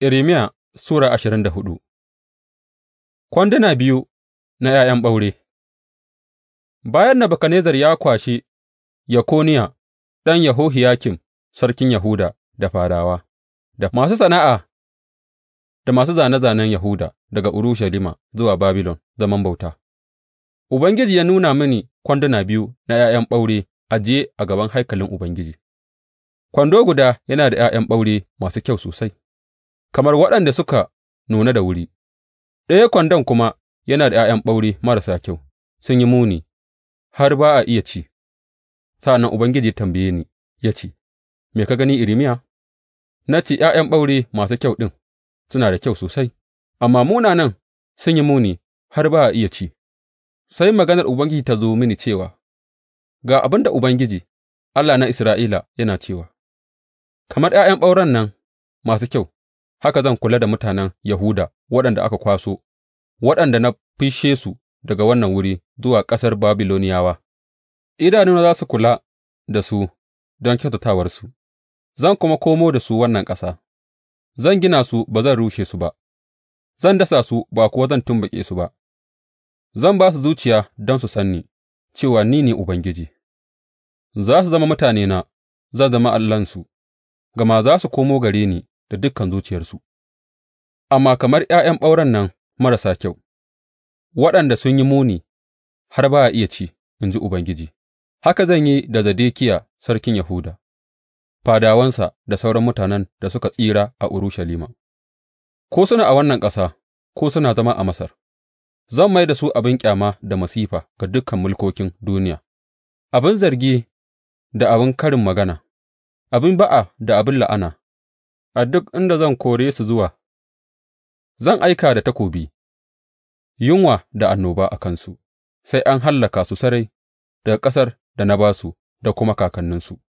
Irmiya Sura ashirin da hudu Kwanduna biyu na ’ya'yan ɓaure Bayan Nebukadnezzar ya kwashe Yakoniya, ɗan yahohiyakim sarkin Yahuda da farawa, da masu sana'a da masu zane zanen Yahuda daga Urushalima zuwa Babilon zaman bauta, Ubangiji ya nuna mini kwanduna biyu na ’ya'yan ɓaure ajiye a gaban haikalin Ubangiji, kwando guda yana da ’ya'yan ɓaure masu kyau sosai. kamar waɗanda suka nuna da wuri, ɗaya kwandon kuma yana da ’ya'yan ɓaure marasa kyau, sun yi muni har ba a iya ci. Sa'an nan Ubangiji tambaye ni ya ce, Me ka gani, Irimiya? Na ce, ’Ya'yan ɓaure masu kyau ɗin suna da kyau sosai, amma munanan sun yi muni har ba a iya ci. Sai maganar Ubangiji ta zo mini cewa, Ga abin da Ubangiji, Allah na Isra'ila, yana cewa, Kamar ’ya'yan ɓauren nan masu kyau haka zan kula da mutanen Yahuda waɗanda aka kwaso, waɗanda na fishe su daga wannan wuri zuwa ƙasar Babiloniyawa, idanuna za su kula da su don kyautatawarsu, zan kuma komo da su wannan ƙasa, zan gina su ba zan rushe su ba, zan dasa su ba kuwa zan tumɓuke su ba, zan ba su zuciya don su san ni, cewa ni ne Ubangiji, za su zama mutanena, zan zama Allahnsu, gama za su komo gare ni. da dukan zuciyarsu, amma kamar ’ya'yan ɓauren nan marasa kyau, waɗanda sun yi muni har ba a iya ci, in ji Ubangiji, haka zan yi da Zedekiya sarkin Yahuda, fadawansa da sauran mutanen da suka tsira a Urushalima, ko suna a wannan ƙasa, ko suna zama a Masar. Zan mai da su abin ƙyama da masifa ga dukan mulkokin duniya, abin zargi da abin karin magana, abin ba'a da abin la'ana, a duk inda zan kore su zuwa, zan aika da takobi, yunwa da annoba a kansu, sai an hallaka su sarai daga ƙasar da na ba su da kuma kakanninsu.